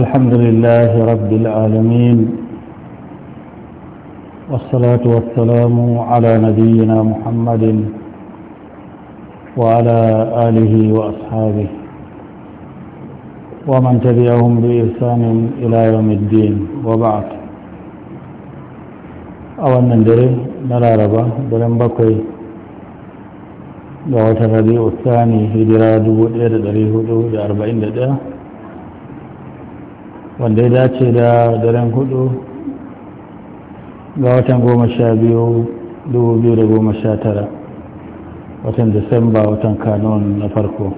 الحمد لله رب العالمين والصلاة والسلام على نبينا محمد وعلى آله وأصحابه ومن تبعهم بإحسان إلى يوم الدين وبعد أولا ندري نرى ربا دلن بقي دعوة الربيع الثاني هجرة 1441 wanda ya dace da daren hudu ga watan goma sha biyu dubu biyu da goma sha tara watan disamba watan kanon na farko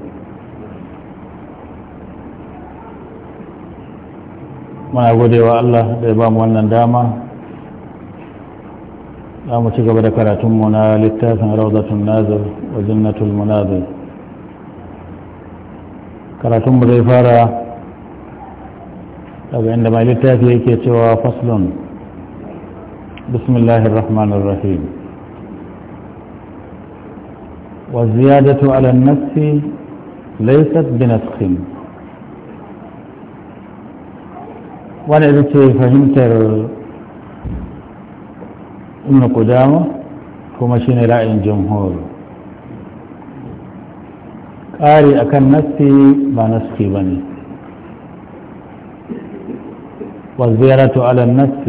muna godewa allah da ya ba mu wannan dama za mu ci gaba da karatunmu na littafin raudatun nazar wa jannatul munazir karatunmu zai fara abu inda mai littafi yake cewa faslun bismillahir rahmanir rahim wa ziyadatu ala an-nafsi laysat binafsin wani ita ce fahimtar ibn qudama kuma shine ra'ayin jamhur ƙari akan nafsi ba nafsi bane والزيارة على النفس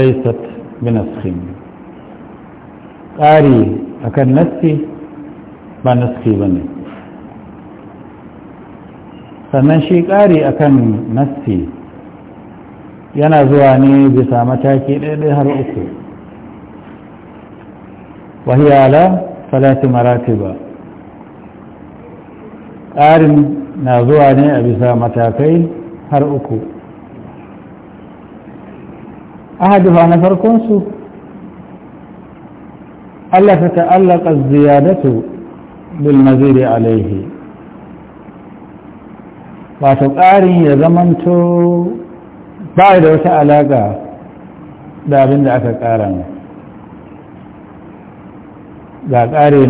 ليست بنسخ قاري أكن نسخ ما نسخي بني sannan shi ƙari akan kan yana zuwa ne bisa mataki ɗaiɗai har uku wahiyala salati maratiba ƙarin na zuwa ne a bisa matakai har uku أحدها نفر كونسو ألا فتألق الزيادة بالمزيد عليه وتقارن زمنتو بعد وتألاقا دا دعك قارن دا ƙare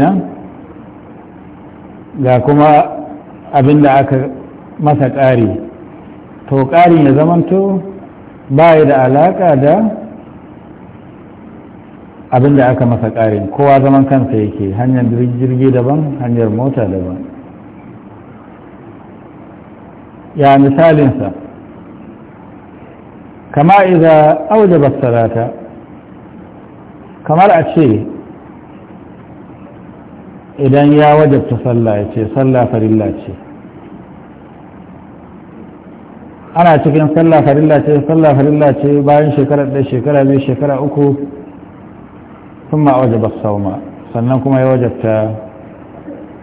دا كما kuma abin da aka masa ƙari to ba da alaka da abin da aka masa ƙarin kowa zaman kansa yake hanyar jirgi daban hanyar mota daban ya misalinsa kama iza aujaba salata kamar a ce idan ya wajabta sallah ya ce sallah farilla ce ana cikin sallah farilla ce sallah farilla ce bayan shekara da shekara biyu shekara uku sun ma wajaba sauma sannan kuma ya wajabta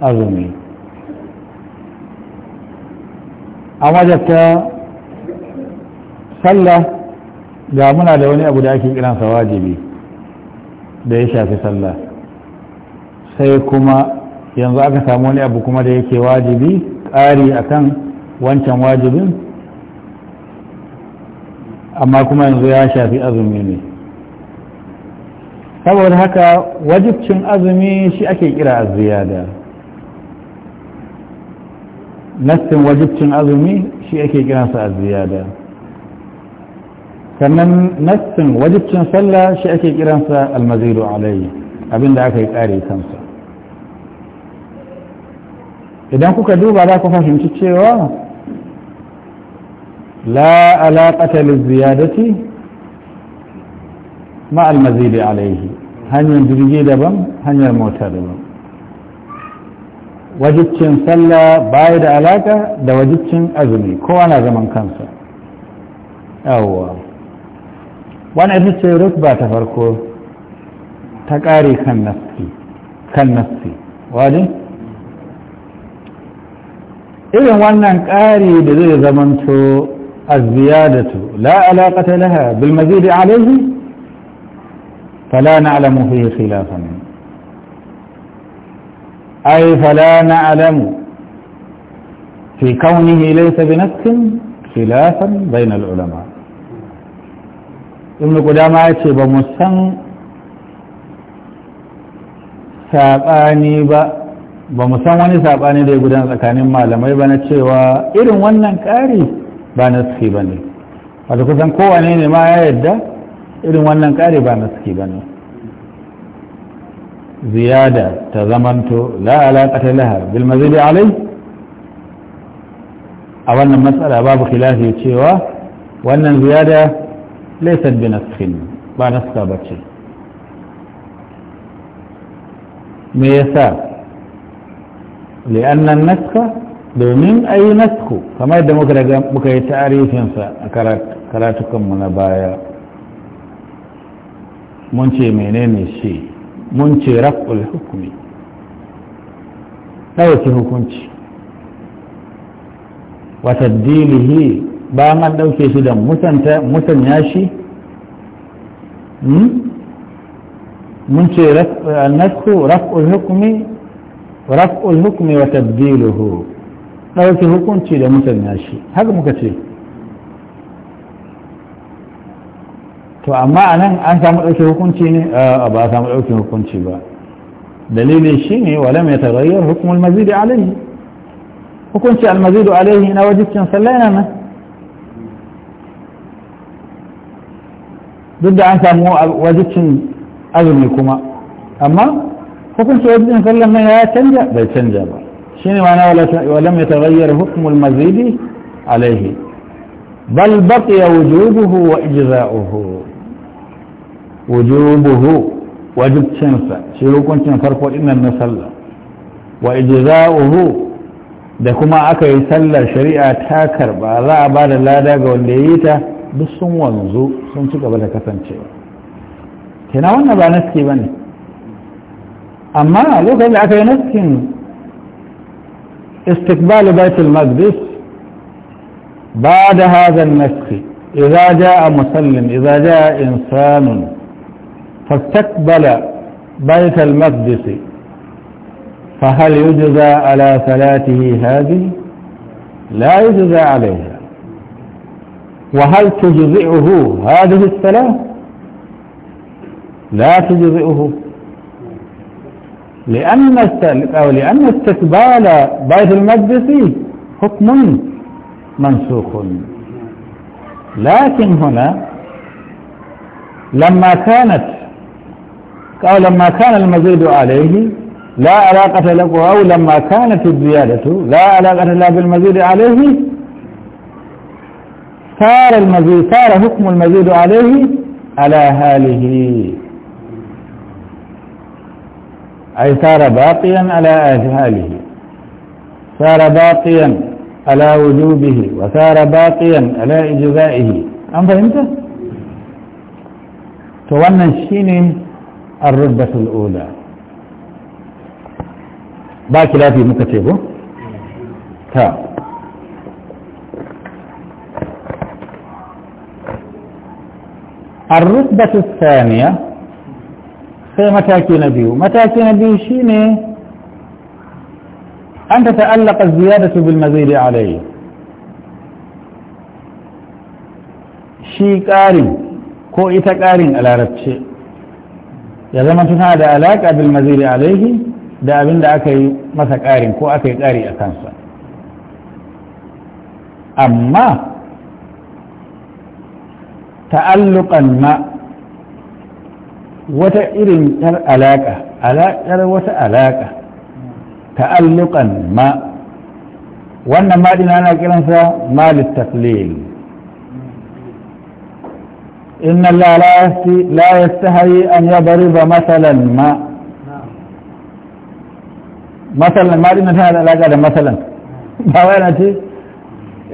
azumi an wajabta sallah ga muna da wani abu da ake kiransa wajibi da ya shafi sallah sai kuma yanzu aka samu wani abu kuma da yake wajibi ƙari akan wancan wajibin amma kuma yanzu ya shafi azumi ne saboda haka wajibcin azumi shi ake kira a ziyada nassin wajibcin azumi shi ake kiransa a ziyada sannan nassin wajibcin sallah shi ake kiransa almazidu alai abinda aka yi kare kansa idan kuka duba za ku fahimci cewa لا علاقة للزيادة مع المزيد عليه هن ينجري دبا هن يموت دبا wajibcin sallah baya da alaka da wajibcin azumi kowa na zaman kansa yawwa wani ita ce rutba ta farko ta ƙare kan nassi kan nassi wani irin wannan ƙari da zai zamanto الزيادة لا علاقة لها بالمزيد عليه فلا نعلم فيه خلافا أي فلا نعلم في كونه ليس بنفس خلافا بين العلماء ابن قدامى يتي بمسن ساباني با ba mu san wani saɓani da ya gudana tsakanin malamai ba na cewa irin wannan ƙari ba naski ba ne wata kusan kowane ne ma ya yadda irin wannan ƙari ba naski ba ne ziyada ta zamanto la alaƙata laha bil mazili alai a wannan matsala babu khilafi cewa wannan ziyada laysat bi naskhin ba naska ba ce me yasa li'annan naska domin a yi nasku kamar da muka daga muka yi tarihinsa a karatukanmu na baya mun ce menene shi mun ce raf'ul hukumi ɗauki hukunci wata dilihi ba man ɗauke shi da musanya shi hmm? mun ce nasku hukumi raf'ul hukumi wa tabdiluhu ɗauki hukunci da musanya shi haka muka ce to amma a nan an samu ɗauki hukunci ne a ba a samu ɗauki hukunci ba dalilin shi ne wala mai tarayyar hukumar mazidi alaihi hukunci almazidu alaihi na wajibcin sallah yana nan duk da an samu wajibcin azumi kuma amma hukunci wajibcin sallah nan ya canja bai canja ba shine ma'ana walam yataghayyar hukmul mazidi alaihi bal baqiya wujubuhu wa ijza'uhu wujubuhu wajibcinsa shi hukuncin farko dinnan na sallah wa ijza'uhu da kuma aka yi sallar shari'a ta karba za a ba da lada ga wanda ya yi ta duk sun wanzu sun ci gaba da kasancewa na wannan ba naski ba ne amma lokacin da aka yi naskin استقبال بيت المقدس بعد هذا النسخ إذا جاء مسلم إذا جاء إنسان فاستقبل بيت المقدس فهل يجزى على صلاته هذه لا يجزى عليها وهل تجزئه هذه الصلاة لا تجزئه لأن أو لأن استقبال بيت المقدس حكم منسوخ لكن هنا لما كانت أو لما كان المزيد عليه لا علاقة له أو لما كانت الزيادة لا علاقة لا بالمزيد عليه صار المزيد صار حكم المزيد عليه على هاله أي صار باقيا على أجهاله صار باقيا على وجوبه وصار باقيا على إجزائه أم فهمت؟ تونا الشين الربة الأولى باقي لا في مكتبه تا الرتبة الثانية sai mataki na biyu mataki na biyu shine an ta ta'allaka ziyadatu bil mazidi alayhi shi ƙarin ko ita ƙarin a larabce ya zama tuna da alaƙa bil mazidi alaihi da abin da aka yi masa ƙarin ko aka yi ƙari a kansa amma ta'alluƙan ma wata irin yar alaƙa alaƙar wata alaƙa ta'alluqan ma wannan ma dina ana kiransa malit taflil inna la la yastahi an yadriba masalan ma masalan ma dina tana da alaƙa da masalan ba wai na ce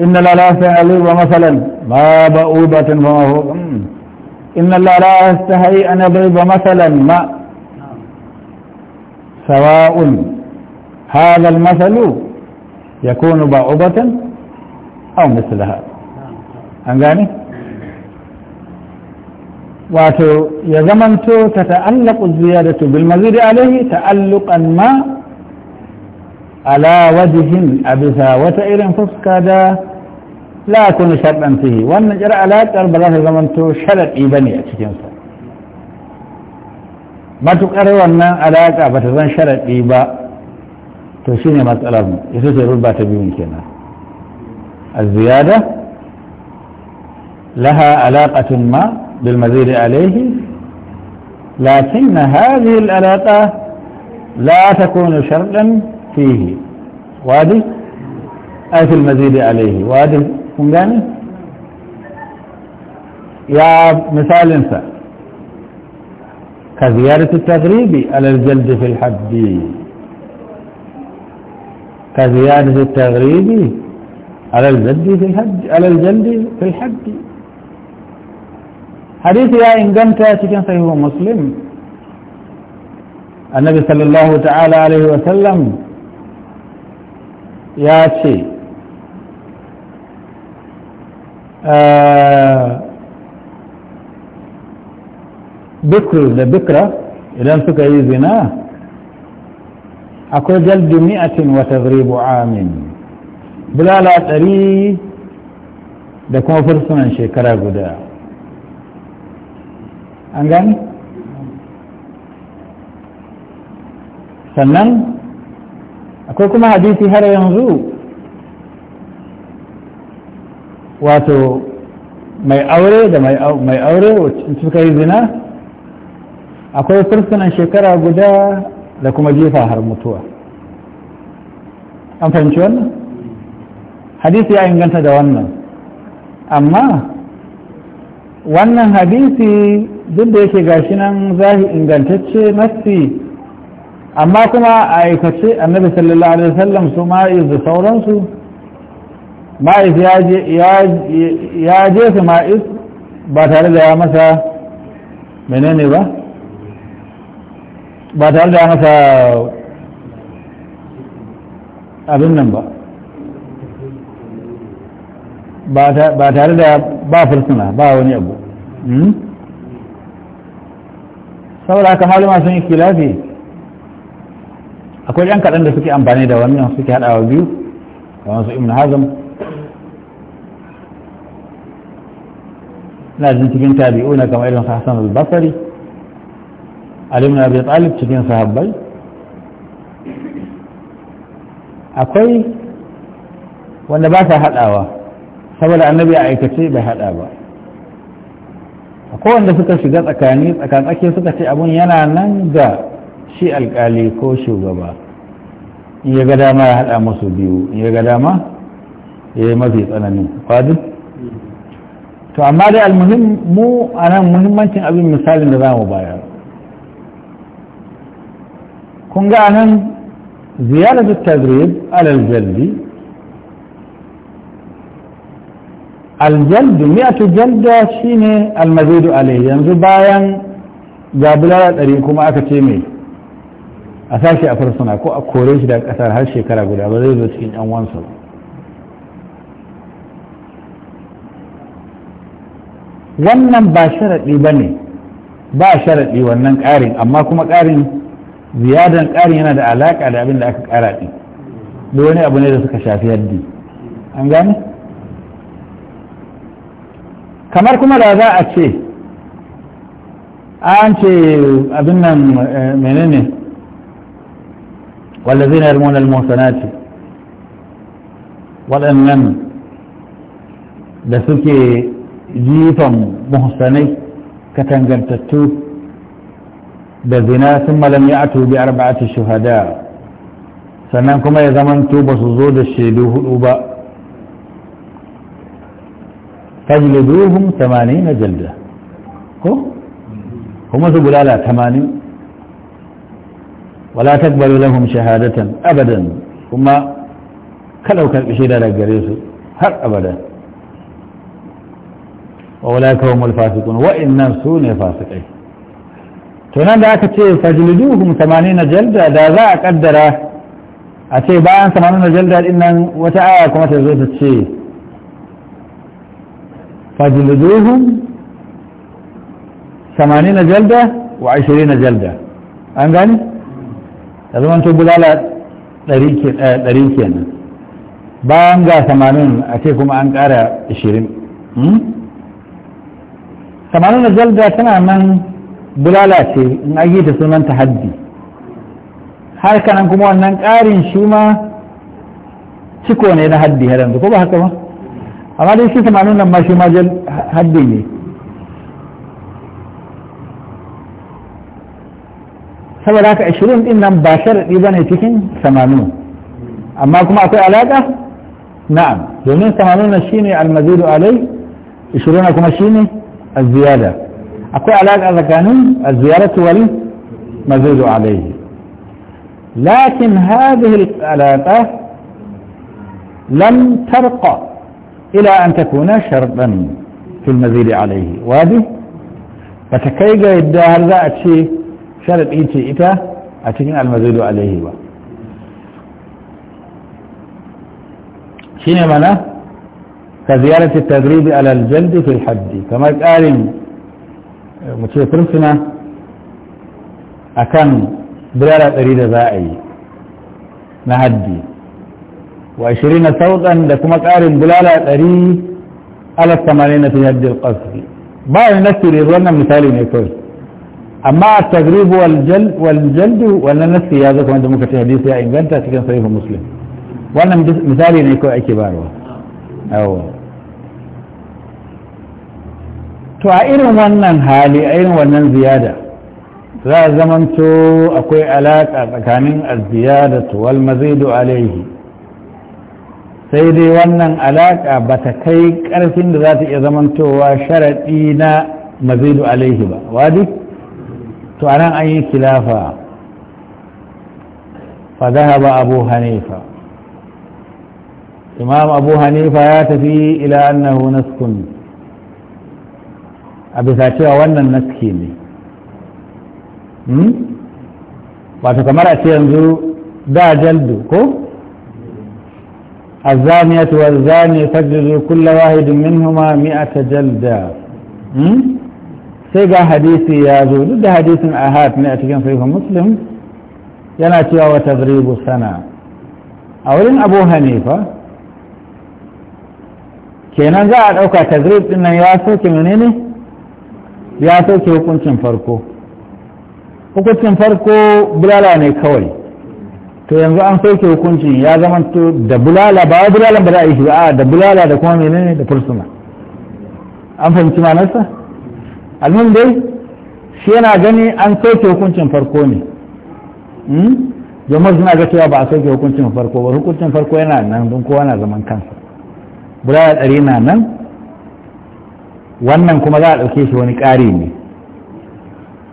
inna lalasi la yastahi an yadriba masalan ma ba'ubatan ba ma إن الله لا يستحي أن يضرب مثلا ما سواء هذا المثل يكون بعوضة أو مثلها أنجاني واتو يزمنتو تتألق الزيادة بالمزيد عليه تألقا ما على وجه أبثى وتئر فسكادا لا أكون شرطا فيه وأن جرى لا تقرب زمن تو شرط إيباني أتكينسا ما تقرر أن علاقة بتزن شرط إيبا تشيني مسألة يسوس الربا تبين كنا الزيادة لها علاقة ما بالمزيد عليه لكن هذه العلاقة لا تكون شرطا فيه وادي أي في المزيد عليه وادي kun gani ya misalinsa ka ziyarci tagribi alaljaldi fil haddi ka ziyarci tagribi alaljaldi fil haddi alaljaldi fil haddi hadisi ya inganta cikin sahihu muslim annabi sallallahu ta'ala alaihi wasallam ya ce bikru da bikra idan suka yi zina akwai jaldi mi'atin wata zribu amin bulala ɗari da kuma fursunan shekara guda an gani sannan akwai kuma hadisi har yanzu wato mai aure da mai aure suka yi zina akwai fursunan shekara guda da kuma jefa har mutuwa an fahimci wannan hadisi ya inganta da wannan amma wannan hadisi duk da yake gashi nan zahi ingantacce nassi amma kuma a aikace annabi sallallahu alaihi wasallam su ma'iz da sauransu ma'is ya jefa ma'is ba tare da ya masa menene ba ba tare da ya masa abin nan ba ba tare da ba fursuna ba wani abu hmm? saboda haka maluma sun yi kilafi akwai yan kaɗan da suke amfani da wannan suke haɗawa biyu kamar su imna hazam ina jin cikin tabi'una kamar irin Hassan al-Basri Ali ibn Abi Talib cikin sahabbai akwai wanda ba sa haɗawa saboda annabi a aikace bai haɗa ba akwai wanda suka shiga tsakani tsakatsake suka ce abun yana nan ga shi alkali ko shugaba in ya ga dama ya haɗa masu biyu in ya ga dama ya yi mafi tsanani. kwadin to amma dai almuhim mu a nan muhimmancin abin misalin da za mu bayar kun ga nan ziyarar tagrib alal jalbi miyatu jalda shine almazidu alai yanzu bayan gabulara ɗari kuma aka ce mai a sashi a farsuna ko a kore shi daga ƙasar har shekara guda ba zai zo cikin yan wansa ba wannan ba sharaɗi ba ne ba sharaɗi wannan ƙarin amma kuma ƙarin ziyadan ƙarin yana da alaƙa da abin da aka ƙara ɗi da wani abu ne da suka shafi haddi an gane kamar kuma da za a ce an ce abin nan eh, menene na يرمون المحصنات waɗannan da suke jifan muhsanai tangantattu da zina sun malam ya ato bi arba'ati shuhada sannan kuma ya zamanto ba su zo da shaidu hudu ba fajliduhum 80 jalda ko kuma su bulala 80 wala takbalu lahum shahadatan abadan kuma ka daukar shaida daga gare su har abadan. wa ulaika humul sune fasikai to nan da aka ce fajliduhum 80 jalda da za a kaddara a ce bayan 80 jalda din nan wata aya kuma ta zo ta ce fajliduhum 80 jalda wa 20 jalda an gani da to bulala 100 kenan bayan ga 80 a ce kuma an kara 20 tamanin na jalda tana nan bulala ce in an yi ta sunan ta haddi har kanan kuma wannan ƙarin shi ma ciko ne na haddi har yanzu ko ba haka ba amma dai shi tamanin nan ma shi ma haddi ne saboda haka ashirin din nan ba sharaɗi ba ne cikin samanu amma kuma akwai alaƙa na'am domin samanu shine almazidu alai ashirin kuma shine الزيادة أقول هذا كان الزيادة والمزيد عليه لكن هذه العلاقة لم ترقى إلى أن تكون شرطا في المزيد عليه وهذه فتكي قيد هذا أتشي شرط إيتي إتا أتكين المزيد عليه با. شين معناه كزيارة التدريب على الجلد في الحد كما قال مشي فرسنا أكان بلالة أريد ذائي نهدي وعشرين صوتا لكما قال بلالة أريد على الثمانين في هد القصر باقي نفسي لظن مثالي نيكوز أما التدريب والجلد والجلد ولا نفسي هذا كما أنت ممكن في حديث يا إنجلتا تكن صحيح مسلم وأنا مثالي نيكو أكبار واسم to a irin wannan hali a irin wannan ziyada za a zamanto akwai alaƙa tsakanin da Tuwal mazidu alaihi sai dai wannan alaƙa ba ta kai ƙarfin da za ta iya zamantowa sharaɗi na mazidu alaihi ba wadi to a nan an yi kilafa fa zahaba abu hanifa imam abu hanifa ya tafi ila annahu naskun a bisa cewa wannan naski ne wato kamar a ce yanzu da jaldu ko الزانية والزاني فاجلدوا كل واحد منهما مئة جلدة سيقى حديثي يا ذو ضد حديث أهات مئة كان صحيح مسلم يناتي وتضريب سنة أولين أبو هنيفة kenan za a ɗauka tagrib ɗin nan ya soke ne ya soke hukuncin farko hukuncin farko bulala ne kawai to yanzu an soke hukuncin ya zama to da bulala ba bulala ba za a yi shi ba da bulala da kuma ne da fursuna an fahimci manarsa almin dai shi yana gani an soke hukuncin farko ne hmm? domin suna ga cewa ba a soke hukuncin farko ba hukuncin farko yana nan don kowa na zaman kansa bulala ɗari na nan wannan kuma za a ɗauke shi wani ƙari ne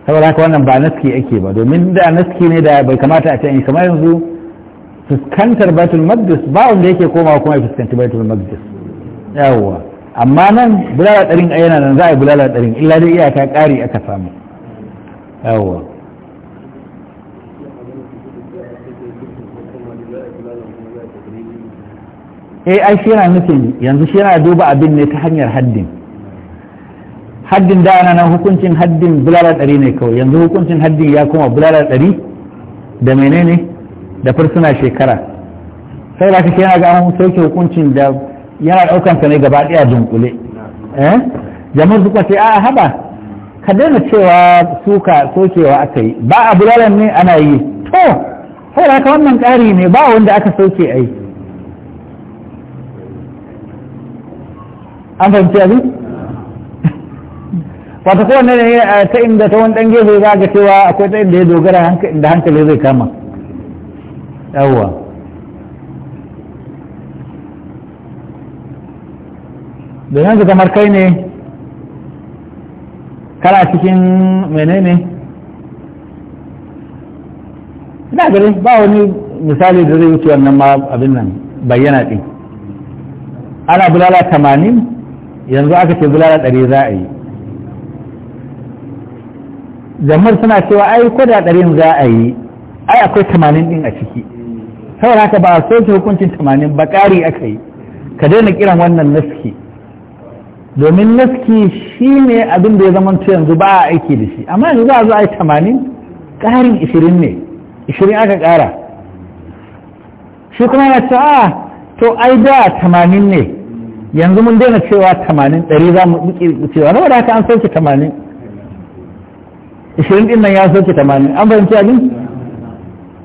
saboda haka wannan ba naski ake ba domin da naski ne da bai kamata a ce in kamar yanzu fuskantar baitul maqdis ba wanda yake komawa kuma ya fuskanci baitul maqdis yawwa amma nan bulala ɗarin yana nan za a yi bulala ɗarin illa dai iyaka ƙari aka samu yawwa eh ai shi yana nufin yanzu shi yana duba abin ne ta hanyar haddin haddin da ana nan hukuncin haddin bulala ɗari ne kawai yanzu hukuncin haddin ya kuma bulala ɗari da menene da fursuna shekara sai da shi yana ga an sauke hukuncin da yana ɗaukan sa ne gaba ɗaya dunkule eh jama'ar suka ce a haba ka daina cewa suka sokewa aka yi ba a bulalan ne ana yi to sai da wannan ƙari ne ba wanda aka sauke yi. an fahimci abin wata kowane ne eh, ta inda ta wani ɗan gefe za ga cewa akwai ta inda ya dogara da hankali zai kama yawwa da yanzu kamar kai ne kara cikin menene ina gari ba wani misali da zai wuce wannan ma abin nan bayyana ɗin ana bulala tamanin yanzu aka ce bulala ɗari za a yi jamar suna cewa ai ko da ɗarin za a yi ai akwai tamanin ɗin a ciki saboda haka ba a soke hukuncin tamanin ba ƙari aka yi ka daina kiran wannan naski domin naski shi ne abin da ya zama yanzu ba a aiki da shi amma yanzu za a zo a yi tamanin ƙarin ishirin ne ishirin aka ƙara shi kuma yana cewa ah, to ai da tamanin ne yanzu mun daina cewa tamanin ɗari za mu cewa na haka an sauke tamanin ishirin ɗin nan ya sauke tamanin an fahimci abin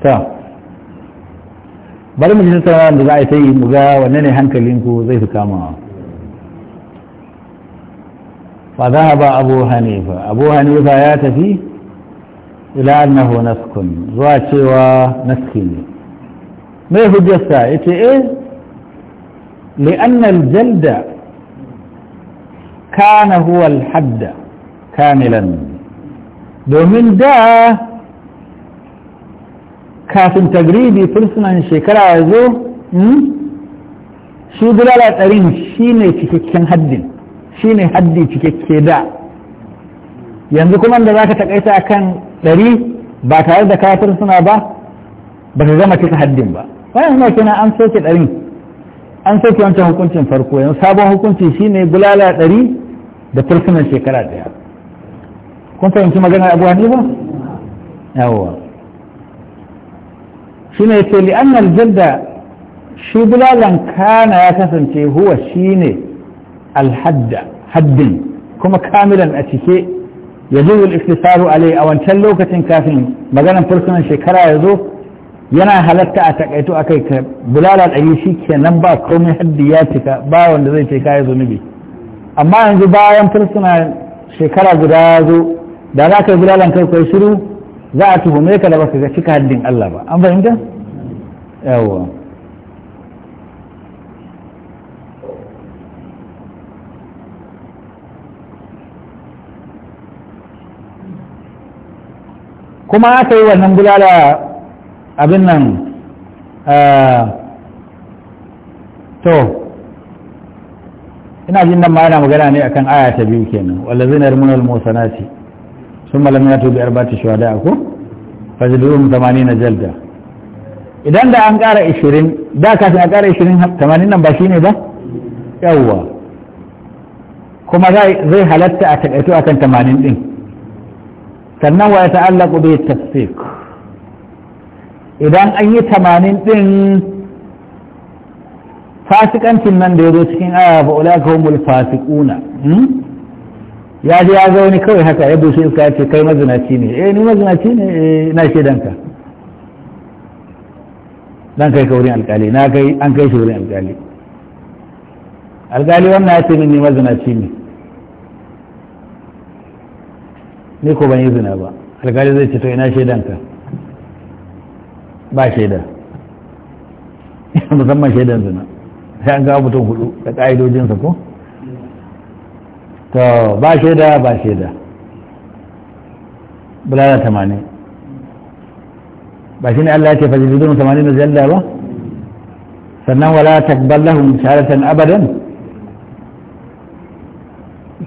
ta bari mu ji tattara da za a yi ta yi mu ga wanne ne hankalin ku zai fi kama fa za ba abu hanifa abu hanifa ya tafi ila annahu naskun zuwa cewa naskin ne me hujjarsa ita? eh لأن الجلد كان هو الحد كاملا دومن دا كافن تقريبي فلسنا من شكرا عزو شو دلالة أرين شيني تككين حد شيني حد تككي دا ينذكم أن ذاك تقيت أكان تري باكار دكاتر سنة با بكذا ما تتحدين با فأنا هنا كنا أنصوت an sauke wancan hukuncin farko yanzu sabon hukunci shine bulala ɗari da fursunan shekara ɗaya kun fahimci magana abu hanifa yawwa shine yace li annal jadda shi bulalan kana ya kasance huwa shine alhadda haddin kuma kamilan a cike ya zo al-iftisaru alai a wancan lokacin kafin maganan fursunan shekara ya zo yana halatta a takaito a kai ka bulala ɗari shi kenan ba komai haddi ya cika ba wanda zai ce kayi zunubi amma yanzu bayan fursuna shekara guda ya zo da za ka yi bulalan kai kai shiru za a tuhume ka da baka cika haddin Allah ba an fahimta yawwa kuma aka yi wannan bulala abin nan eh, to ina jin nan ma yana magana ne akan aya ta biyu kenan wallazi na yarmunal musanati sun malam ya tobi arbati shuhada ko fajluhum na jalda idan da an kara 20 da kafin a kara 20 tamanin nan ba shine ba yawwa kuma zai halatta a takaito akan tamanin din sannan wa ya ta'allaqu bi tafsir idan an yi tamanin ɗin fasikancin nan da ya zo cikin aya ba ula ga humul fasikuna hmm? ya ji ya zo ni kawai haka ya bushe iska ya ce kai mazinaci ne eh ni mazinaci ne eh, na na danka dan kai ka wurin alkali na kai an kai shi wurin alkali alkali wannan ya ce min ni mazinaci ne ni ko ban yi zina ba alkali zai ce to ina shaidanka ba shaida musamman shaidar zina sai an gawo mutum hudu da ƙa'idojinsa ko to ba shaida ba shaida bulala tamanin ba shi ne Allah ya ce fajilidun tamanin na zalla ba sannan wala takballahum shahadatan abadan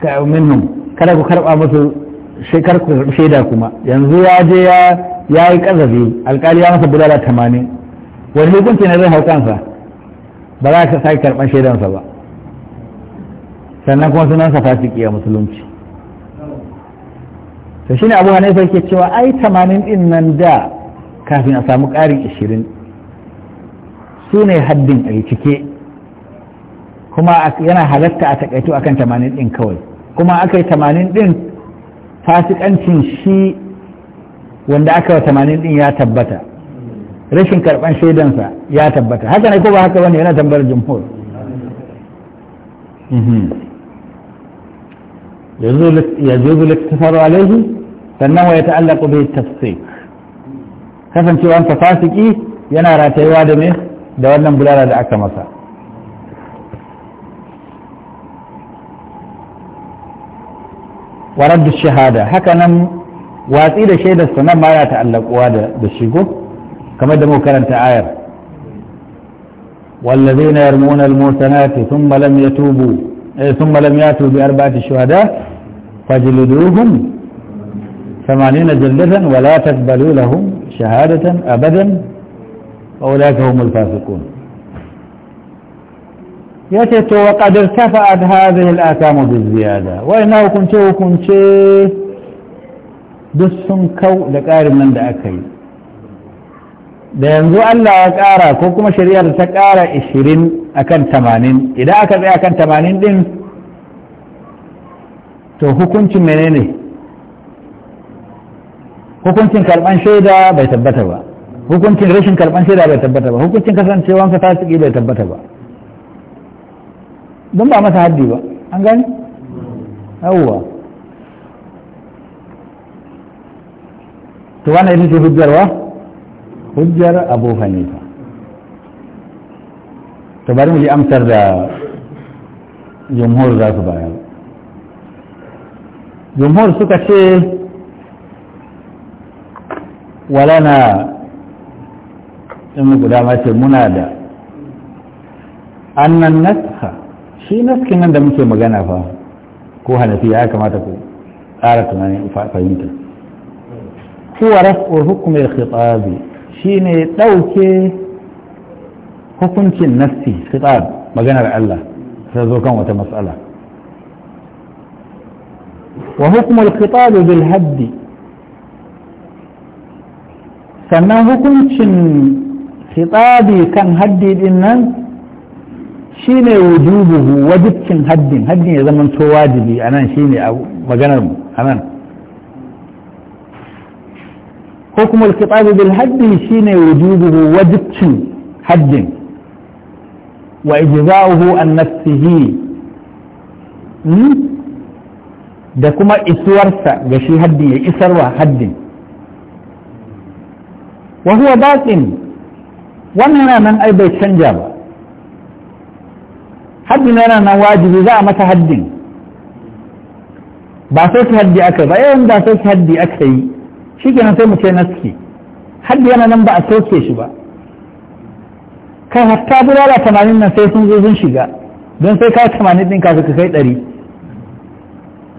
ka minhum kada ku karba musu shekar ku shaida kuma yanzu ya je ya ya yi ƙazafi alƙali ya masa bulala tamanin wani hukunci na zai hau kansa ba za ka sake karɓar shaidansa ba sannan kuma sunansa fasiki a musulunci to ne abu sai ke cewa ai tamanin ɗin nan da kafin a samu ƙarin ashirin su ne haddin a cike kuma yana halatta a takaito akan tamanin ɗin kawai kuma aka yi tamanin ɗin fasikancin shi wanda aka wa 80 din ya tabbata rashin karban shaidan sa ya tabbata haka ne ko ba haka bane yana tambayar jumhur يجوز الاقتصار عليه فانه يتعلق به التفسيق kasancewa an fasiki yana ratayuwa da me da wannan bulala da aka masa warar shahada haka watsi da shaidar sa nan ma ya ta'allaquwa da da shigo kamar da mu karanta ayar wallazina yarmuna almusanati thumma lam yatubu thumma lam yatu bi arba'ati shuhada fajliduhum 80 jildatan wa la taqbalu lahum shahadatan abadan أولئك هم الفاسقون يتت وقد ارتفعت هذه الآثام بالزيادة وإنه كنت وكنت duk sun kau da ƙarin nan da aka yi da yanzu Allah ya ƙara ko kuma shari'ar ta ƙara 20 akan 80 idan aka tsaye akan 80 din to hukuncin menene hukuncin karban shaida bai tabbata ba hukuncin rashin karban shaida bai tabbata ba hukuncin kasancewansa ta ciki bai tabbata ba don ba masa haddi ba an gani yawwa to wannan ita ce hujjar wa hujjar abu hanifa to bari mu yi amsar da jumhur za su bayar jumhur suka ce na in guda dama ce muna da annan naska shi naskin nan da muke magana fa ko hanafi ya kamata ku ƙara tunanin fahimta كوره الحكم الخطابي شيني دوكي حكم النفسي خطاب ما قال الله فذوكم وتمسألة وحكم الخطاب بالهدي فما حكمك خطابي كان هدي لنا شيني وجوبه وجبك هدي هدي إذا من تواجبي أنا شيني أو ما قال الله حكم الخطاب بالحد شين وجوبه وجبت حد وإجزاؤه عن نفسه da kuma isuwarsa ga shi haddin ya isarwa haddin wa huwa batin wannan yana nan ai bai canja ba haddin yana nan wajibi za a mata haddin ba sai ki haddi aka ba yawan ba sai ki haddi aka yi shi kenan sai mu ce naski haddi yana nan ba a soke shi ba kai hatta bulala tamanin nan sai sun zo sun shiga don sai ka tamanin din ka suka kai ɗari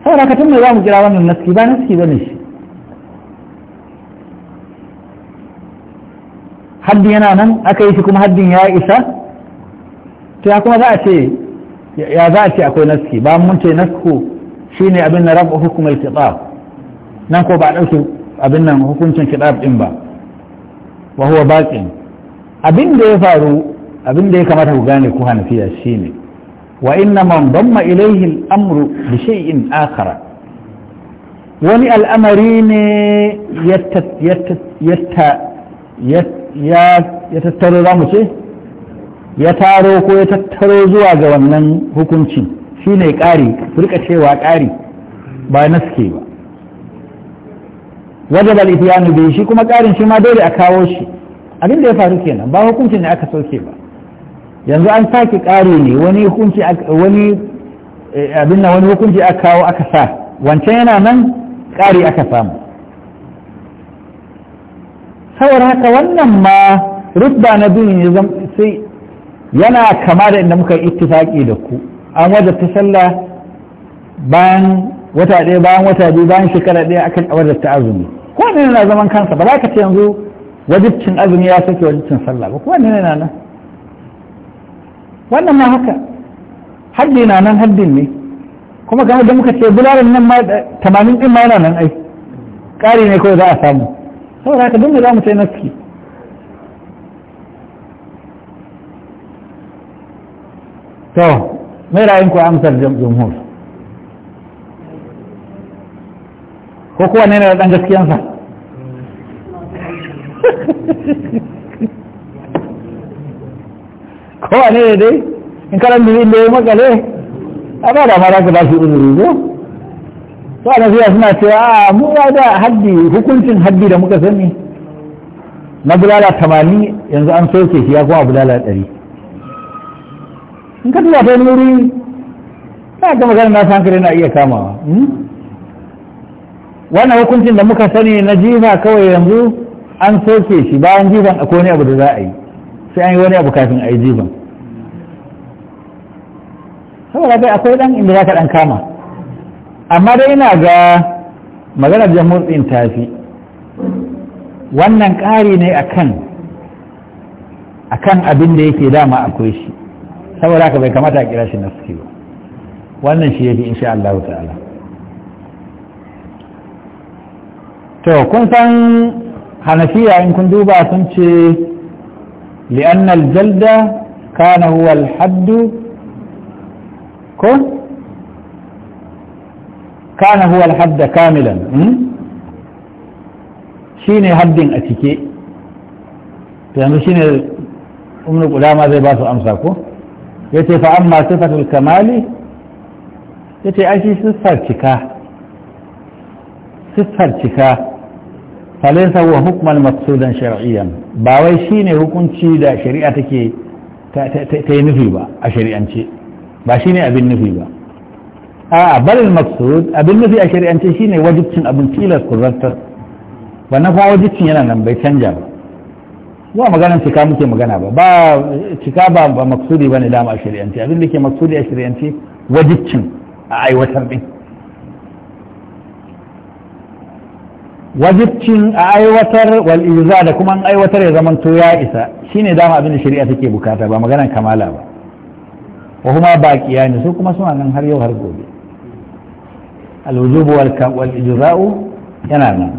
saboda ka tun mai za mu kira wannan naski ba naski ba ne shi haddi yana nan aka yi shi kuma haddin ya isa to ya kuma za a ce ya za a ce akwai naski ba mun ce nasku shine abin na rabu hukumar kitab nan ko ba a ɗauke abin nan hukuncin kitab din ba wa huwa baƙin abin da ya faru abin da ya kamata ku gane ku hanafiya shine wa inna man damma al-amru bi shay'in akhara wani al'amari ne ya tattaro za mu ce ya taro ko ya tattaro zuwa ga wannan hukuncin shine ƙari rika cewa ƙari ba naske ba wajaba al ithyanu bi shi kuma karin shi ma dole a kawo shi abin da ya faru kenan ba hukuncin ne aka sauke ba yanzu an sake kare ne wani hukunci wani eh, abin nan wani hukunci aka kawo aka sa wancan yana nan kare aka samu saboda haka wannan ma rubba na bin ne sai yana kama da inda muka yi ittifaki da ku an ta sallah bayan wata ɗaya bayan wata biyu bayan shekara ɗaya akan ta azumi kowane yana zaman kansa ba za ka ce yanzu wajibcin azumi ya sake wajibcin sallah ba kowane yana nan wannan ma haka haddi na nan haddin ne kuma kamar da muka ce bularin nan ma tamanin din ma yana nan ai ƙari ne kawai za a samu saboda haka dun da za mu ce naski to mai ra'ayin ku amsar jamhur ko kuwa ne da ɗan gaskiyansa kowa ne dai in karan da inda ya makale a ba da mara ka ba shi uzuri ko to na fiya suna cewa a mu ya da haddi hukuncin haddi da muka sani na bulala tamanin yanzu an soke shi ya kuma bulala ɗari in ka tuba ta yi wuri ta ga magana na san kare na iya kamawa hmm? wannan hukuncin da muka sani na jifa kawai yanzu an soke shi bayan jifan a wani abu da za a yi sai an yi wani abu kafin a yi jifan saboda dai akwai dan inda za ka dan kama amma dai ina ga maganar jamhur din tafi wannan ƙari ne akan akan abin da yake dama akwai shi saboda haka bai kamata a kira shi na suke ba wannan shi yake insha Allah ta'ala to kun san hanafiya in kun duba sun ce li'annal jalda kana huwa haddu ko kana huwa hadda kamilan hmm? shi ne haddin a cike to yanzu shine umru qudama zai ba su amsa ko yace fa amma sifatul kamali yace ai shi siffar cika siffar cika falaisa wa hukman maksudan shar'iyyan ba wai shine hukunci da shari'a take ta yi nufi ba a shari'ance ba shine abin nufi ba a balil maksud abin nufi a shari'ance shine wajibcin abin tilas kurantar na fa wajibcin yana nan bai canja ba ba maganar cika muke magana ba ba cika ba maksudi bane dama a shari'ance abin da ke maksudi a shari'ance wajibcin a aiwatar din wajibcin a aiwatar wal iza da kuma an aiwatar ya zaman to ya isa shine dama abin da shari'a take bukata ba maganar kamala ba wa kuma baqiya ne su kuma suna nan har yau har gobe al wujubu wal wal ijza'u yana nan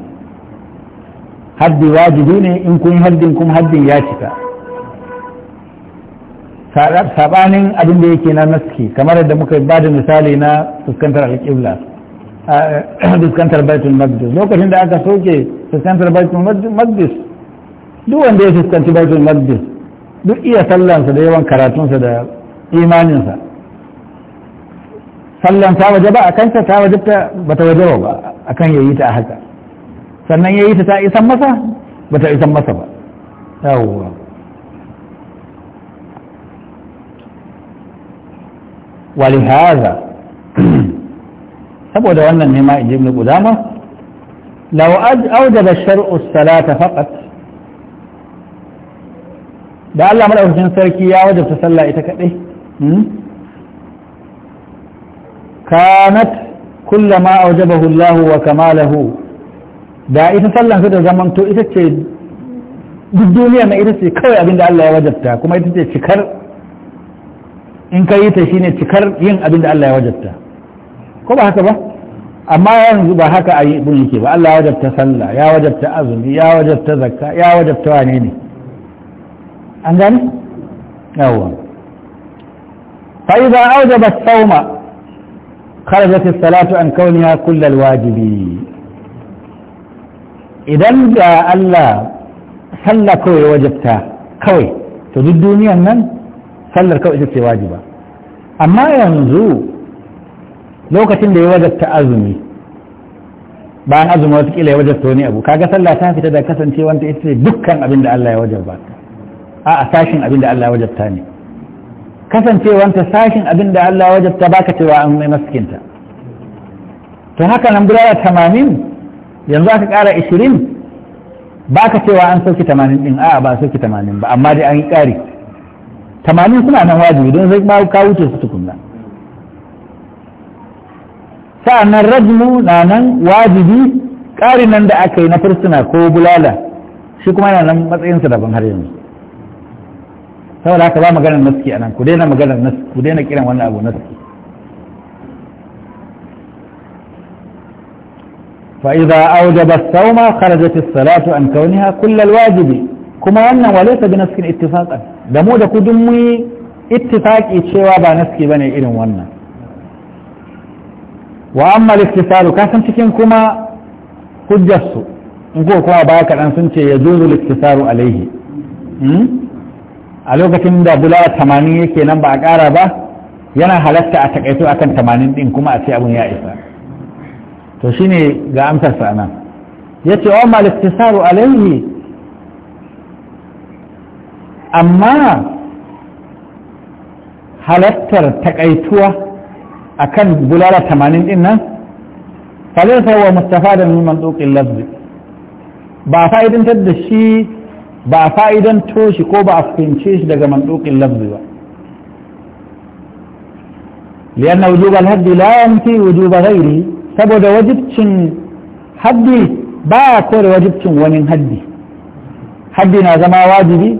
haddi wajibi ne in kun haddin kun haddin ya cika sabanin abin da yake na naski kamar yadda muka ba da misali na fuskantar alƙibla آه، دسکنتر بیت المقدس لو کشن دا آگا سوچے دسکنتر المقدس دو اندے دسکنتر بیت المقدس دو ایا سلان سا دا یوان کراتون سا دا ایمان سا سلان سا وجبا اکن سا سا وجبتا بتا وجبا با اکن سنن یہی تا ایسان بتا ایسان مسا ولهذا saboda wannan ne ma in ji ibn qudama law salata faqat da Allah madaukakin sarki ya wajabta sallah ita kadai hmm? kanat kullama awjabahu Allah wa kamalahu da ita sallan su da zamanto ita ce duk duniya mai ita ce kawai abinda Allah ya wajabta kuma ita ce cikar in ka yi ta shine cikar yin abinda Allah ya wajabta ko ba haka ba amma yanzu ba haka a yi bin yake ba Allah ya wajabta sallah ya wajabta azumi ya wajabta zakka ya wajabta wane ne an gani yawa fa idza awjaba as-sawma kharajat as-salatu an kawniha kull al-wajibi idan da Allah sallah kawai wajabta kawai to duk duniyan nan sallar kawai ita ce wajiba amma yanzu lokacin da ya wajabta azumi bayan azumi watakila ya wajabta wani abu kaga sallah ta fita da kasance kasancewanta ita ce dukkan abin da Allah ya wajabta a a sashin abin da Allah ya wajabta ne Kasance kasancewanta sashin abin da Allah ya wajabta baka cewa an mai maskinta to haka nan bulala tamanin yanzu aka kara ishirin baka cewa an sauki tamanin din a'a ba sauki tamanin ba amma dai an yi kari tamanin suna nan wajibi don zai kawo ka wuce su tukunna sa'annan rajmu na nan wajibi ƙari nan da aka yi na fursuna ko bulala shi kuma yana nan matsayinsa daban har yanzu saboda haka ba maganar naski a nan ku daina maganar naski ku daina kiran wannan abu naski فإذا أوجب الصوم خرجت الصلاة عن كونها كل الواجب كما أن وليس بنسك اتفاقا دمو دكو دمي اتفاق اتشوا با نسك بني إلن ونن wa amma liktisalu kasan cikin kuma hujjarsu in ko kuma baya kaɗan sun ce ya juzu liktisalu alaihi hmm? a lokacin da bula tamanin yake nan ba a ƙara ba yana halatta a takaito akan tamanin ɗin kuma a ce abun ya isa to shine ga amsarsa nan ya ce wa amma liktisalu alaihi amma halattar takaituwa Akan kan bulala tamanin din nan falin sai wa da neman dokin lafzi ba fa’idantar da shi ba a fa’idanto shi ko ba a fahimce shi daga man dokin lafzi ba liyan na haddi layan fi wujo zairi saboda wajibcin haddi ba a kore wajibcin wani haddi haddi na zama wajibi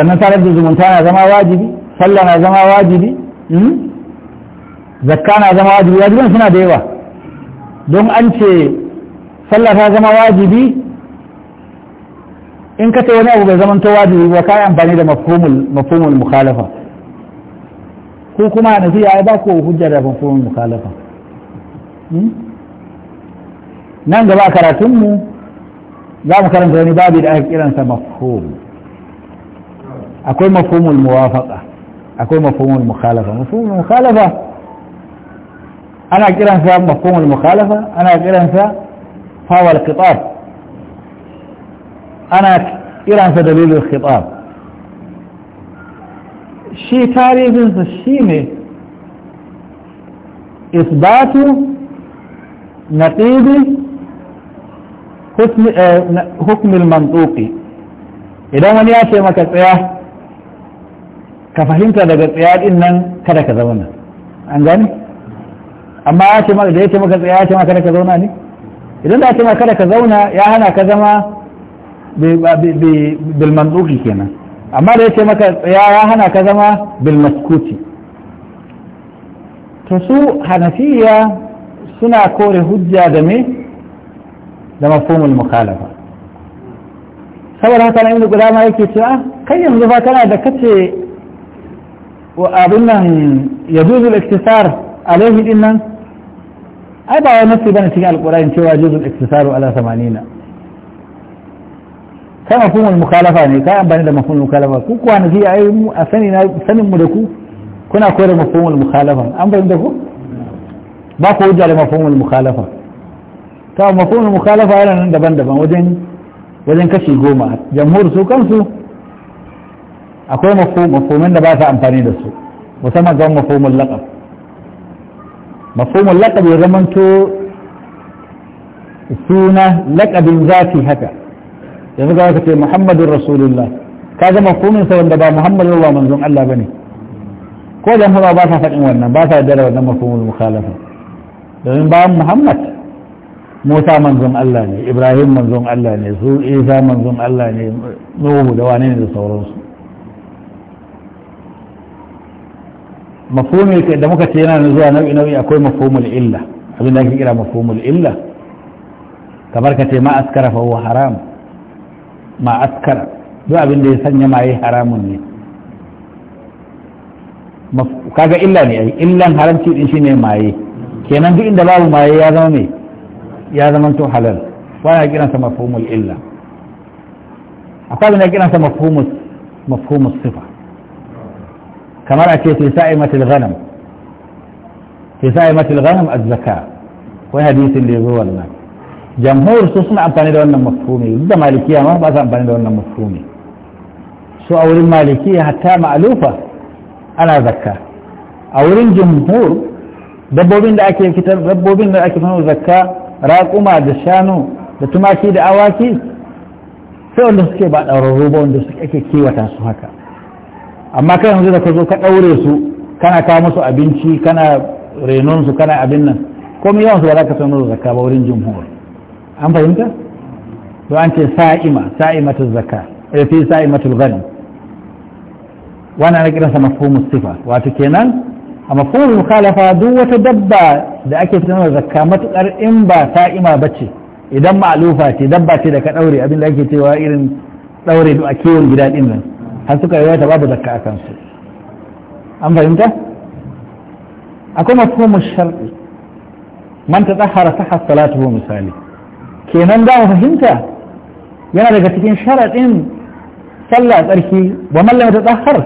sannan sanar da zumunta na zama wajibi sallah na zama wajibi zakka na zama wajibi wajiban suna da yawa don an ce sallah ta zama wajibi in ka ce wani abu bai zama wajibi ba kai amfani da mafhumul mafhumul mukhalafa ko kuma na fiye ai ba ku hujja da mafhumul mukhalafa hmm? nan gaba karatunmu za mu karanta wani babi da aka kiransa mafhum akwai mafhumul muwafaqa akwai mafhumul mukhalafa mafhumul mukhalafa أنا أقول أنثى مفهوم المخالفة أنا أقول أنثى فهو الخطاب أنا أقول أنثى دليل الخطاب شيء تاريخ أنثى الشيمي إثبات نقيض حكم, آه، حكم المنطوقي إذا من يأتي ما كتياه كفهمت لك القياد إنن كذا كذا وانا عن amma ya ce maka da ya ce maka tsaye ya ce maka kada ka zauna ne idan da ya ce maka kada ka zauna ya hana ka zama bil kenan amma da ya ce maka tsaye ya hana ka zama bil maskuti to su hanafiya suna kore hujja da me da mafhumul mukhalafa saboda haka na inda gudama yake cewa kai yanzu fa kana da kace wa abin nan yajuzu al-iktisar alaihi din nan ai ba wani nasi bane cikin alqur'ani cewa juzul iktisaru ala 80 kai mafhumul mukalafa ne kai amfani da mafhumul mukalafa ku kuwa na fiye ai a sani na sanin mu da ku kuna koyar mafhumul mukalafa an bayin da ku ba ku hujja da mafhumul mukalafa ta mafhumul mukalafa yana nan daban-daban wajen wajen kashi goma jamhur su kansu akwai mafhumin da ba sa amfani da su musamman ga mafhumul laqab mafhumul laqab ya zamanto suna laqabin zafi haka yanzu ga ka ce muhammadur rasulullah ka ga mafhumin wanda ba muhammadu ba manzon Allah ba ne. ko da hura ba sa faɗin wannan ba sa da wannan mafhumul mukhalafa domin bayan muhammad Musa manzon Allah ne Ibrahim manzon Allah ne su Isa manzon Allah ne Nuhu da wane ne da sauransu Mafumi da muka ce yana zuwa nau'i nau'i akwai mafumul illa abin da ake kira mafumul illa kamar ka ce ma askara fa huwa haram ma askara duk abin da ya sanya ma yayi haramun ne kaga illa ne ai illan haramci din shine maye kenan duk inda babu maye ya zama me ya zama to halal wani kiran sa mafhumul illa akwai abin da kiran sa mafhumus mafhumus sifa kamar a ce fi sa'imatul ghanam fi sa'imatul ghanam az-zaka wai hadisin da yazo wannan jamhur su suna amfani da wannan mafhumi duk da malikiya ma ba su amfani da wannan mafhumi su a wurin malikiya hatta ma'alufa ana zakka a wurin jamhur dabbobin da ake fitar dabbobin da ake fitar zakka raƙuma da shanu da tumaki da awaki sai wanda suke ba ɗaurarru ba wanda suke ake kiwata su haka amma kai yanzu da ka zo ka ɗaure su kana kawo musu abinci kana renon su kana abin nan komai yawan su ba za ka sanar da zakka ba wurin jumhur an fahimta to an ce sa'ima sa'imatul zakka eh fi sa'imatul ghanim wannan ana kiransa mafhumus sifa wato kenan a mafhumul mukhalafa duk wata dabba da ake sanar da zakka matukar in ba sa'ima bace idan ma'lufa ce dabba ce da ka daure abin da ake cewa irin daure a kiwon gida din nan har suka yawaita babu zakka a kansu an fahimta akwai mafhumin shar'i man ta tsahara sahar salatuhu misali kenan za mu fahimta yana daga cikin sharaɗin sallah tsarki wa mallama ta tsahar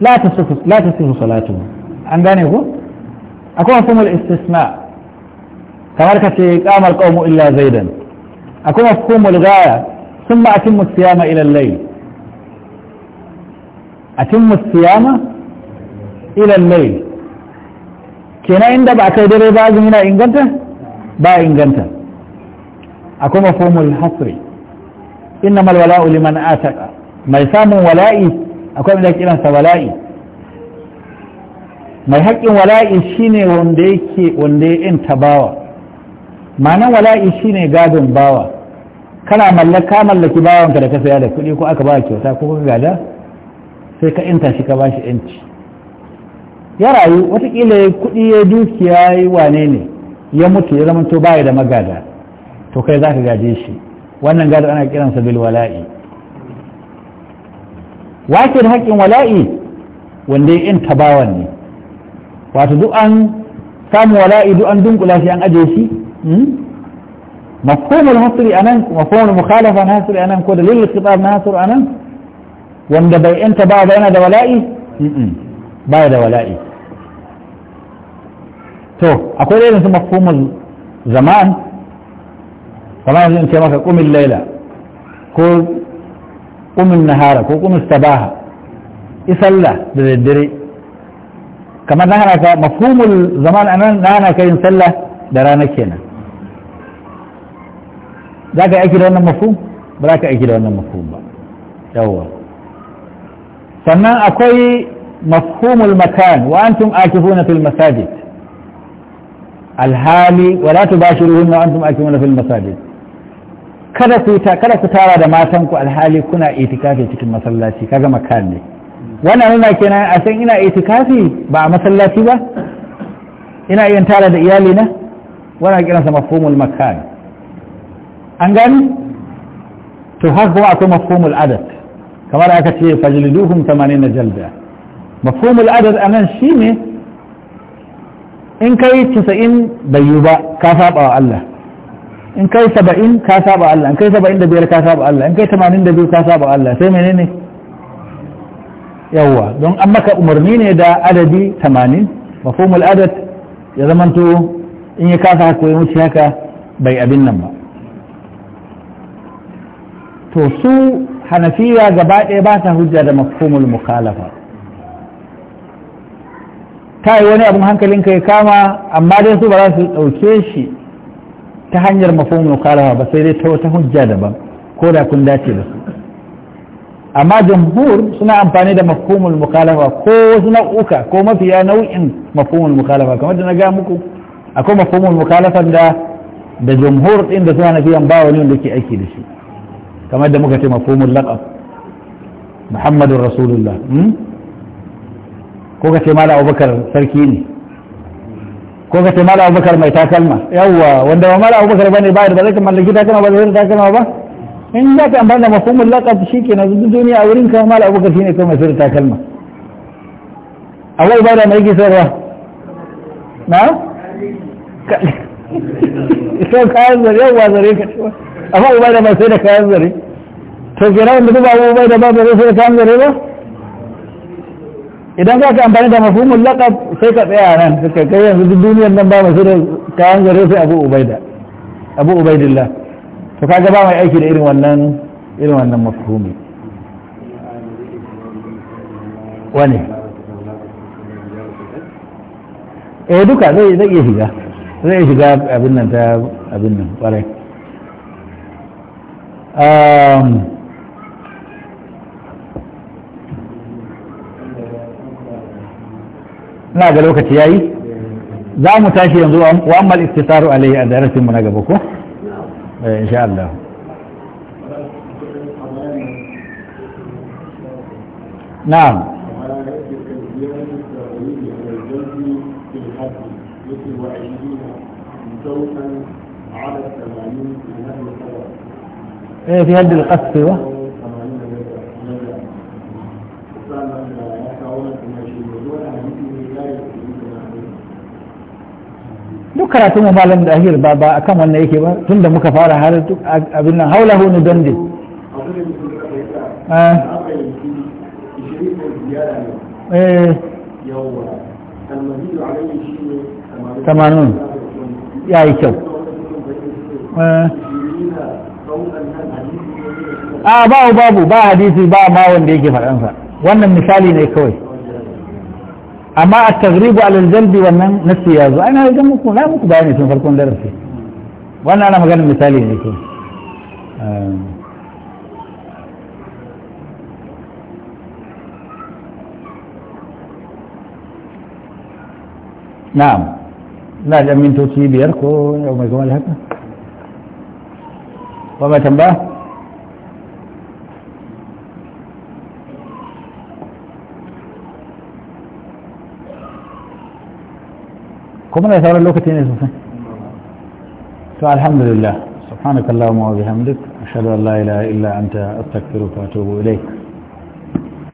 la ta sifu salatuhu an gane ku akwai mafhumin istisna kamar ka ce kamar qawmu illa zaidan akwai mafhumin gaya ثم أتم الصيام إلى الليل أتم siyama إلى الليل كنا kenan inda ba بعض dare ba azumi na inganta ba inganta akwai mafhumul hasri innamal wala'u liman ataqa mai samun wala'i akwai wanda wala'i mai haƙƙin wala'i shine wanda yake wanda ya inta ma'anan wala'i gadon bawa kana mallaka mallaki bawanka da ka saya da kuɗi ko aka ba kyauta ko kuka gada sai ka inta shi ka ba shi yanci ya rayu watakila ya kuɗi ya dukiya ya wane ne ya mutu ya zama to baya da magada to kai za ka gaje shi wannan gada ana kiransa bil wala'i wakil haƙƙin wala'i wanda ya inta bawan ne wato duk an samu wala'i duk an dunkula shi an aje shi hmm? mafhumul hasri anan mafhumul mukhalafa hasri anan ko dalilul khitab na hasri anan wanda bai yanta ba ba yana da wala'i ba da wala'i to akwai irin su mafhumul zaman kamar yanzu in ce maka kumin laila ko kumin nahara ko kumin sabaha isalla da daddare kamar na hana ka mafhumul zaman anan na hana ka yin sallah da rana kenan za ka yi aiki da wannan mafhum ba za ka aiki da wannan mafhum ba yawwa sannan akwai mafhumul makan wa ake akifuna fil masajid alhali wa la tubashiruhunna wa antum akifuna fil masajid kada ku kada ku tara da matan ku alhali kuna itikafi cikin masallaci kaga makan ne wannan nuna kenan a san ina itikafi ba a masallaci ba ina yin tara da iyali na wannan kiransa mafhumul makan an gani to har kuma akwai mafhumul adat kamar aka ce fajliduhum 80 jalda mafhumul adad anan ne. in kai 90 bai yi ba ka saba wa Allah in kai saba'in ka saba Allah in kai saba'in da biyar ka saba Allah in kai tamanin da biyu ka saba Allah sai menene yawwa don an maka umarni ne da adadi tamanin mafhumul adad ya zamanto in ya kasa ko ya wuce haka bai abin nan ba to su hanafiya gaba ɗaya ba ta hujja da mafhumul mukhalafa ta yi wani abin hankalin ka ya kama amma dai su ba za su ɗauke shi ta hanyar mafhumul mukhalafa ba sai dai ta wata hujja daban ko da kun dace da su amma jamhur suna amfani da mafhumul mukhalafa ko wasu nau'uka ko mafiya nau'in mafhumul mukhalafa kamar da na ga muku akwai mafhumul mukhalafa da da jamhur din da suna nafiyan ba wani wanda ke aiki da shi كما da muka ce mafhumul laqab muhammadur rasulullah hmm? ko ka ce mala abubakar sarki ko ka ce mala abubakar mai takalma yawwa wanda ba mala abubakar bane ba da ka mallaki takalma ba zai takalma ba in za ka amfani da mafhumul laqab shikenan duk duniya a wurin ka mala abubakar shine kai mai sirri takalma awai ba da mai yawwa amma da ba sai da kayan zare to kira wanda duk abu da ba ba sai da kayan zare ba idan za ka amfani da mafumin laqab sai ka tsaya nan ka kai yanzu duk duniyar nan ba ma sai da kayan zare sai abu da abu ubaidillah to kaga ba mai aiki da irin wannan irin wannan mafhumi wani eh duka zai iya shiga zai shiga abin nan ta abin nan kwarai Um, na ga lokaci yayi za mu tashi yanzu wa ammal istisaru alaihi a darasin mu na gaba ko eh, insha Allah na'am على الثمانين من هذا القدر ايه في هل القسوة أيوة. بكرة ثم ما لم تأهير بابا كم أن إيكي بابا ثم دمك فارح هذا أبنى حوله ندندي آه. إيه. ثمانون يا إيشو a babu babu ba hadisi ba ma wanda yake faɗansa wannan misali ne kawai amma a tagribu alal jalbi wannan nasu ya zo ana ga muku na muku bayani tun farkon darasi wannan ana maganar misali ne kawai na'am na da mintoci biyar ko yau mai kamar haka ba mai tambaya كمنا يتولى لوكتين اسمه فالحمد لله سبحانك اللهم وبحمدك أشهد أن لا إله إلا أنت أستغفرك وأتوب إليك